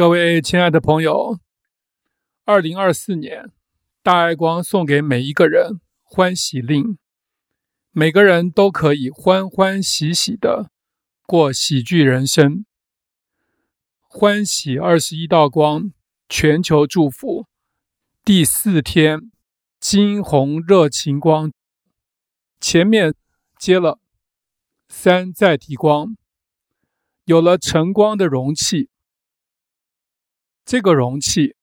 各位親愛的朋友，二零二四年大愛光送給每一個人歡喜令，每個人都可以歡歡喜喜的過喜劇人生。歡喜二十一道光，全球祝福第四天，金紅熱情光，前面接了三載體光，有了晨光的容器。這個容器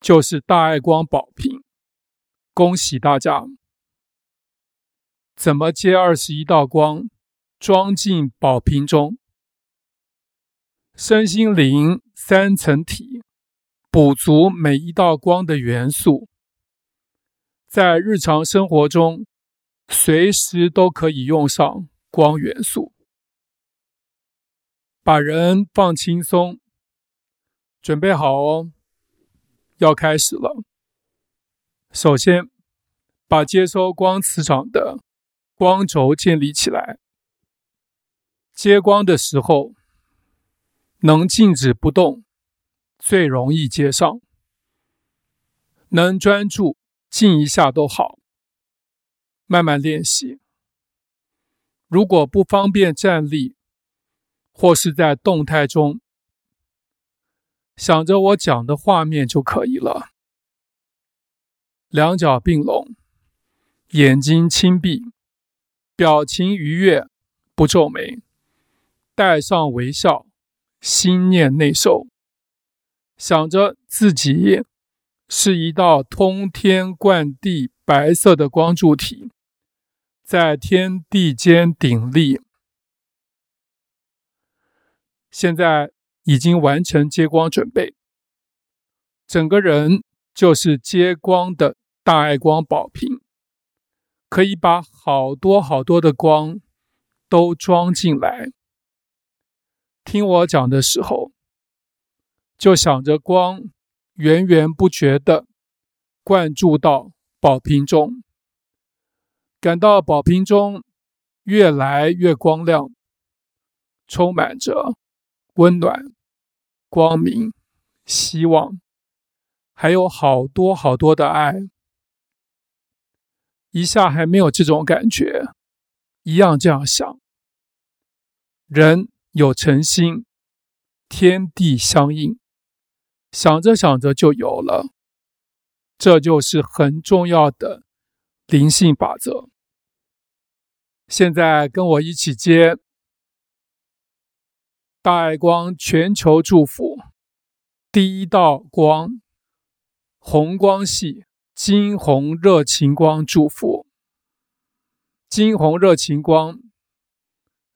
就是大愛光寶瓶。恭喜大家！怎麼接二十一道光，裝進寶瓶中，身心靈三層體，補足每一道光的元素，在日常生活中，隨時都可以用上光元素，把人放輕鬆。準備好哦，要開始了。首先，把接收光磁場的光軸建立起來。接光的時候，能靜止不動，最容易接上。能專注靜一下都好，慢慢練習。如果不方便站立，或是在動態中，想着我講的畫面就可以了。兩腳併攏，眼睛輕閉，表情愉悅，不皺眉，帶上微笑，心念內收。想着自己是一道通天貫地白色的光柱體，在天地間鼎立。現在。已經完成接光準備，整個人就是接光的大愛光寶瓶，可以把好多好多的光都裝進來。聽我講的時候，就想着光源源不絕的灌注到寶瓶中，感到寶瓶中越來越光亮，充滿着溫暖。光明、希望，還有好多好多的愛。一下還沒有這種感覺，一樣這樣想。人有誠心，天地相應。想着想着就有了，這就是很重要的靈性法則。現在跟我一起接。大愛光全球祝福，第一道光，紅光系金紅熱情光祝福。金紅熱情光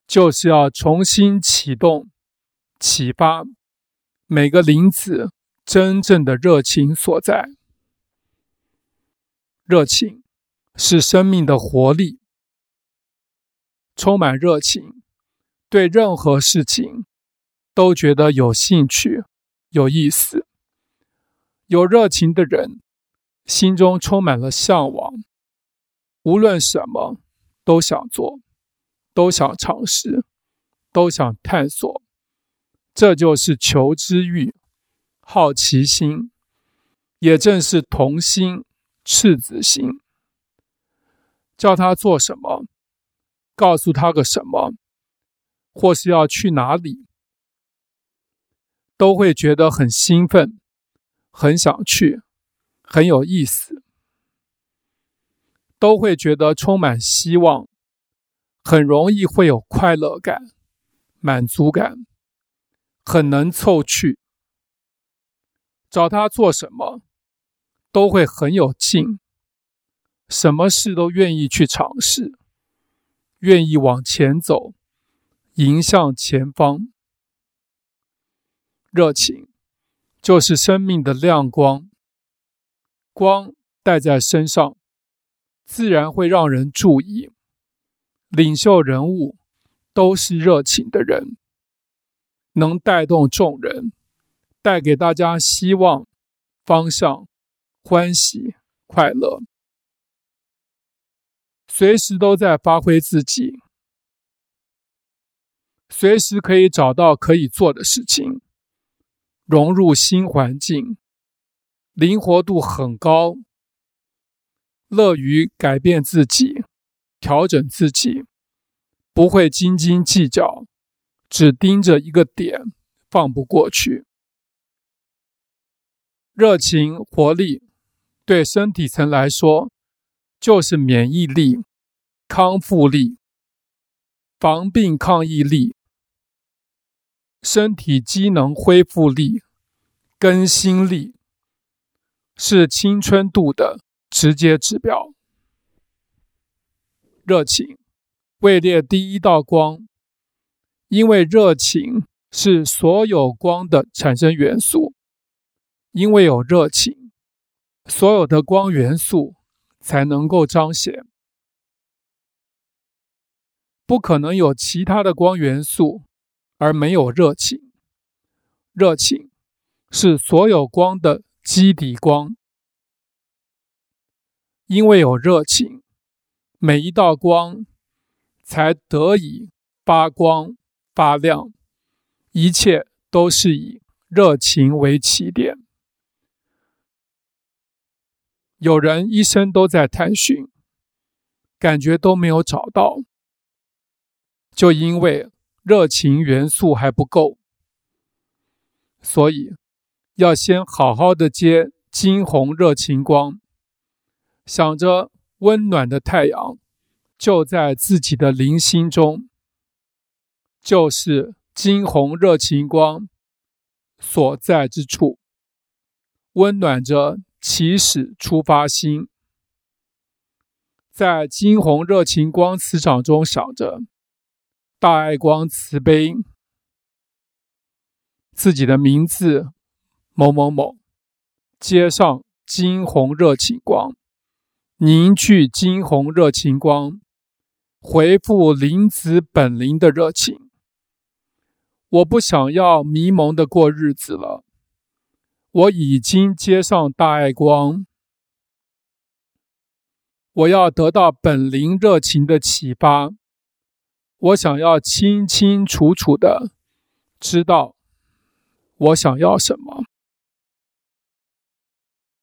就是要重新啟動，啟發每個靈子真正的熱情所在。熱情是生命的活力，充滿熱情，對任何事情，都覺得有興趣、有意思、有熱情的人，心中充滿了向往，無論什麼都想做，都想嘗試，都想探索。這就是求知欲、好奇心，也正是童心、赤子心。叫他做什麼，告訴他個什麼，或是要去哪裡。都會覺得很興奮，很想去，很有意思。都會覺得充滿希望，很容易會有快樂感、滿足感，很能湊趣。找他做什麼，都會很有勁，什麼事都願意去嘗試，願意往前走，迎向前方。熱情就是生命的亮光，光帶在身上，自然會讓人注意。領袖人物都是熱情的人，能帶動眾人，帶給大家希望、方向、歡喜、快樂，隨時都在發揮自己，隨時可以找到可以做的事情。融入新環境，靈活度很高，樂於改變自己，調整自己，不會斤斤計較，只盯着一個點，放不過去。熱情活力，對身體層來說，就是免疫力、康復力、防病抗疫力。身體機能恢復力、更新力，是青春度的直接指標。熱情位列第一道光，因為熱情是所有光的產生元素，因為有熱情，所有的光元素才能夠彰顯，不可能有其他的光元素，而沒有熱情，熱情是所有光的基底光。因為有熱情，每一道光才得以發光發亮。一切都是以熱情為起點。有人一生都在探尋，感覺都沒有找到，就因為熱情元素還不夠，所以要先好好的接金紅熱情光，想着溫暖的太陽就在自己的靈心中，就是金紅熱情光所在之處，溫暖着起始初發心，在金紅熱情光磁場中想着。大愛光慈悲，自己的名字某某某，接上金紅熱情光，凝聚金紅熱情光，回復靈子本靈的熱情。我不想要迷茫的過日子了，我已經接上大愛光，我要得到本靈熱情的啟發。我想要清清楚楚的知道我想要什麼。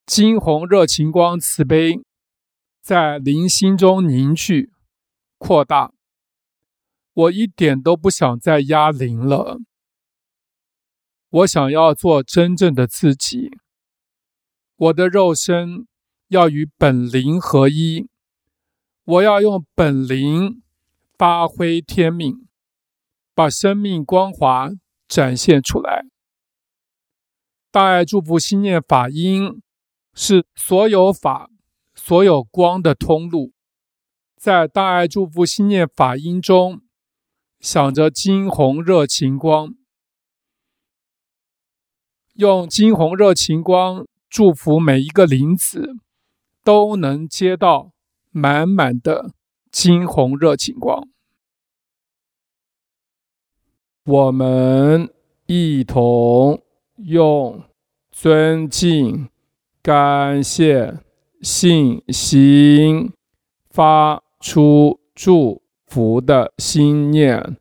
金紅熱情光慈悲，在靈心中凝聚擴大。我一點都不想再壓靈了。我想要做真正的自己。我的肉身要與本靈合一。我要用本靈。發揮天命，把生命光華展現出來。大愛祝福心念法音是所有法、所有光的通路。在大愛祝福心念法音中，想着金紅熱情光，用金紅熱情光祝福每一個靈子，都能接到滿滿的金紅熱情光。我們一同用尊敬、感謝、信心，發出祝福的心念，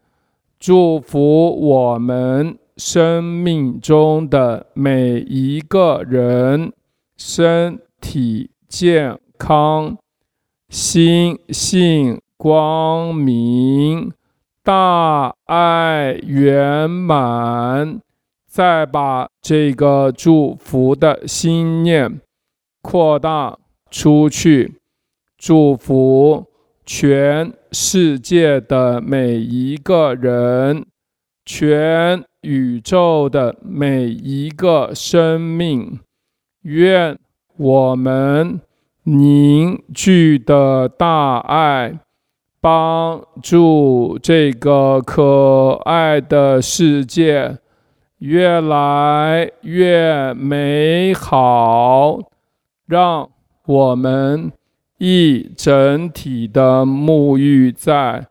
祝福我們生命中的每一個人身體健康，心性光明。大愛圓滿，再把這個祝福的心念擴大出去，祝福全世界的每一個人，全宇宙的每一個生命。願我們凝聚的大愛。幫助這個可愛的世界越來越美好，讓我們一整體的沐浴在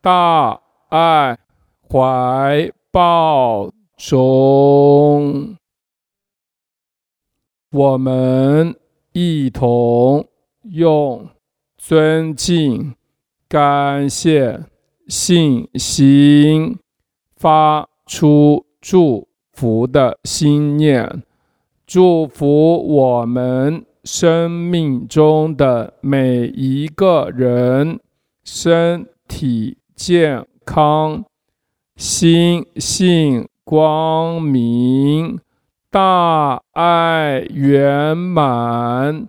大愛懷抱中。我們一同用尊敬、感謝信心發出祝福的心念，祝福我們生命中的每一個人，身體健康，心性光明，大愛圓滿。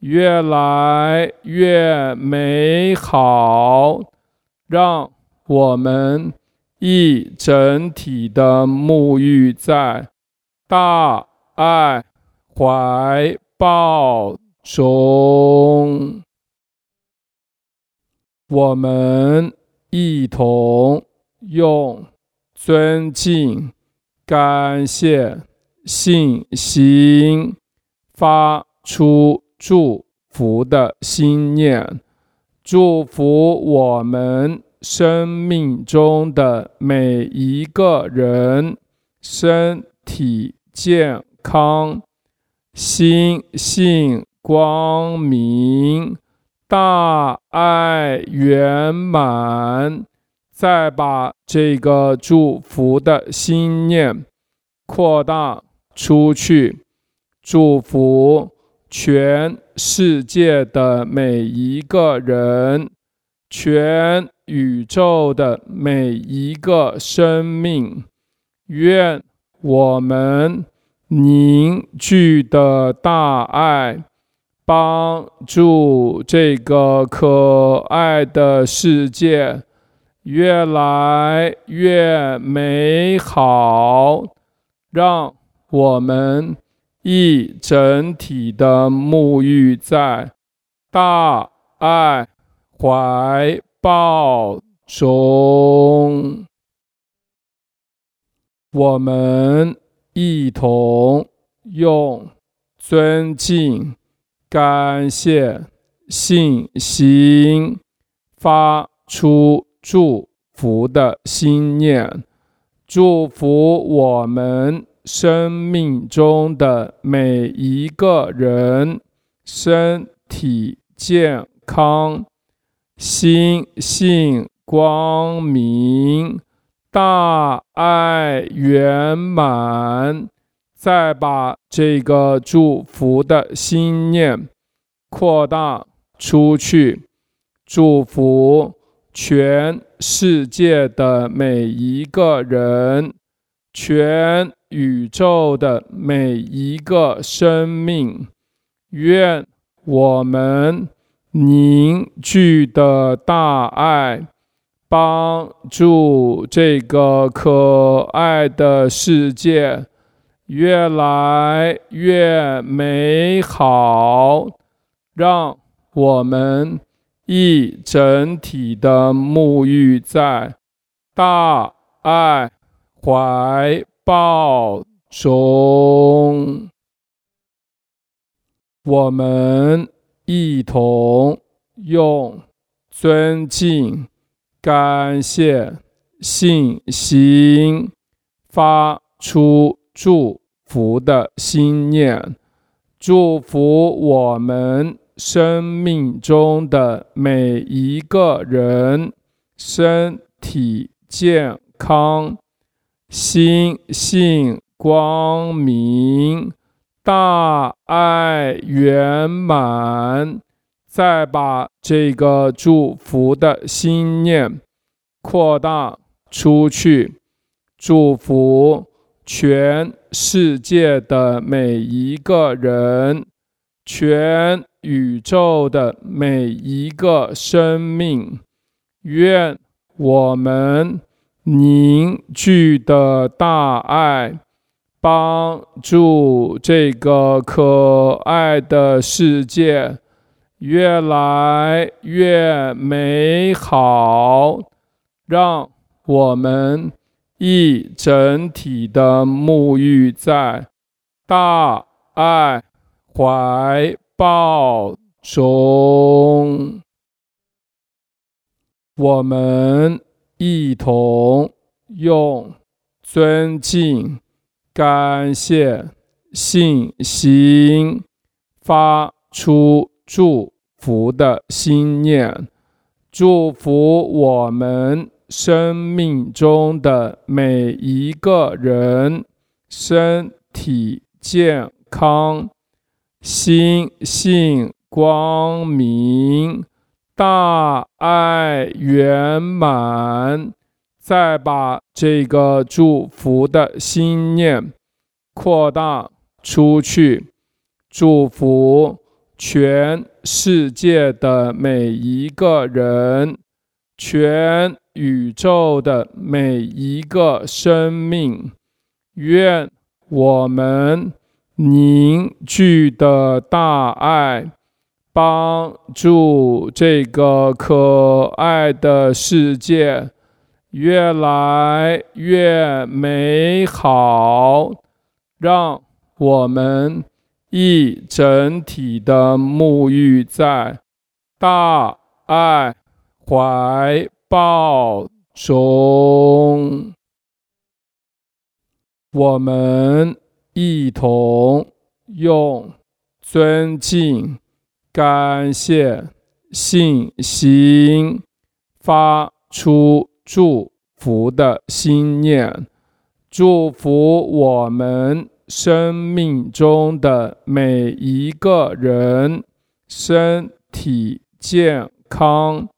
越來越美好，讓我們一整體的沐浴在大愛懷抱中。我們一同用尊敬、感謝、信心發出。祝福的心念，祝福我們生命中的每一個人，身體健康，心性光明，大愛圓滿。再把這個祝福的心念擴大出去，祝福，全世界的每一個人，全宇宙的每一個生命，願我們凝聚的大愛，幫助這個可愛的世界越來越美好，讓我們。一整體的沐浴在大愛懷抱中，我們一同用尊敬、感謝、信心發出祝福的心念，祝福我們。生命中的每一個人身體健康，心性光明，大愛圓滿。再把這個祝福的心念擴大出去，祝福全世界的每一個人。全宇宙的每一個生命，願我們凝聚的大愛，幫助這個可愛的世界越來越美好，讓我們一整體的沐浴在大愛。懷抱中，我們一同用尊敬、感謝、信心發出祝福的心念，祝福我們生命中的每一個人身體健康，心性光明，大愛圓滿。再把這個祝福的心念擴大出去，祝福全世界的每一個人，全宇宙的每一個生命。願我們。凝聚的大愛，幫助這個可愛的世界越來越美好，讓我們一整體的沐浴在大愛懷抱中，我們。一同用尊敬、感謝、信心發出祝福的心念，祝福我們生命中的每一個人身體健康，心性光明。大愛圓滿，再把這個祝福的心念擴大出去，祝福全世界的每一個人，全宇宙的每一個生命。願我們凝聚的大愛。幫助這個可愛的世界越來越美好，讓我們一整體的沐浴在大愛懷抱中，我們一同用尊敬，感謝信心發出祝福的心念，祝福我們生命中的每一個人，身體健康，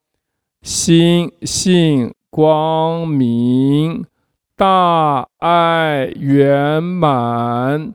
心性光明，大愛圓滿。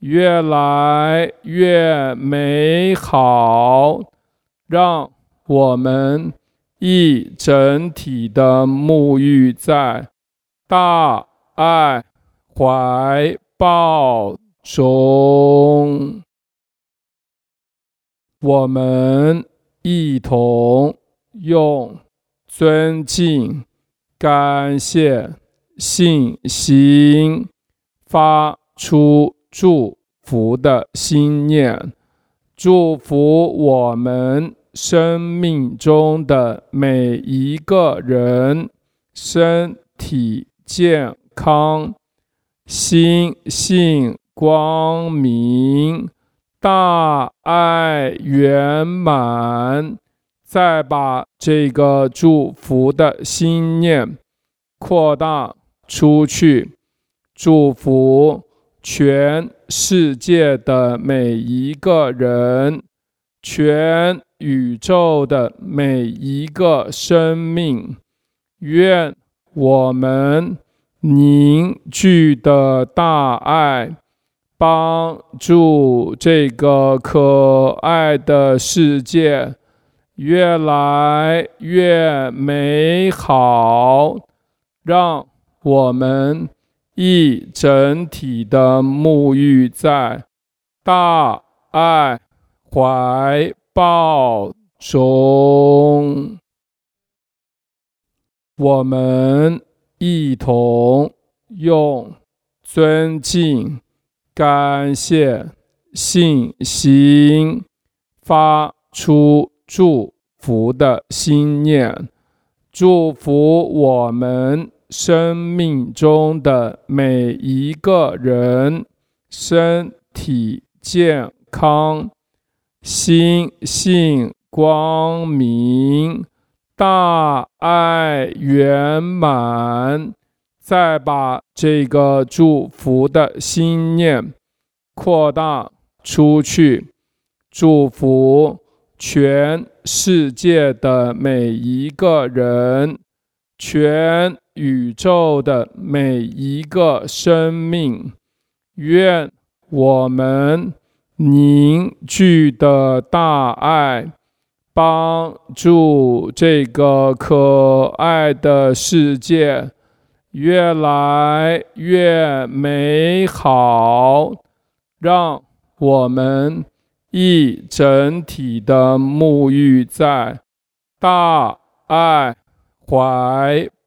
越來越美好，讓我們一整體的沐浴在大愛懷抱中。我們一同用尊敬、感謝、信心發出祝福的心念，祝福我們生命中的每一個人身體健康，心性光明，大愛圓滿。再把這個祝福的心念擴大出去，祝福。全世界的每一個人，全宇宙的每一個生命，願我們凝聚的大愛，幫助這個可愛的世界越來越美好，讓我們。一整體的沐浴在大愛懷抱中，我們一同用尊敬、感謝、信心，發出祝福的心念，祝福我們。生命中的每一個人，身體健康，心性光明，大愛圓滿。再把這個祝福的心念擴大出去，祝福全世界的每一個人，全宇宙的每一個生命，願我們凝聚的大愛，幫助這個可愛的世界越來越美好，讓我們一整體的沐浴在大愛懷抱。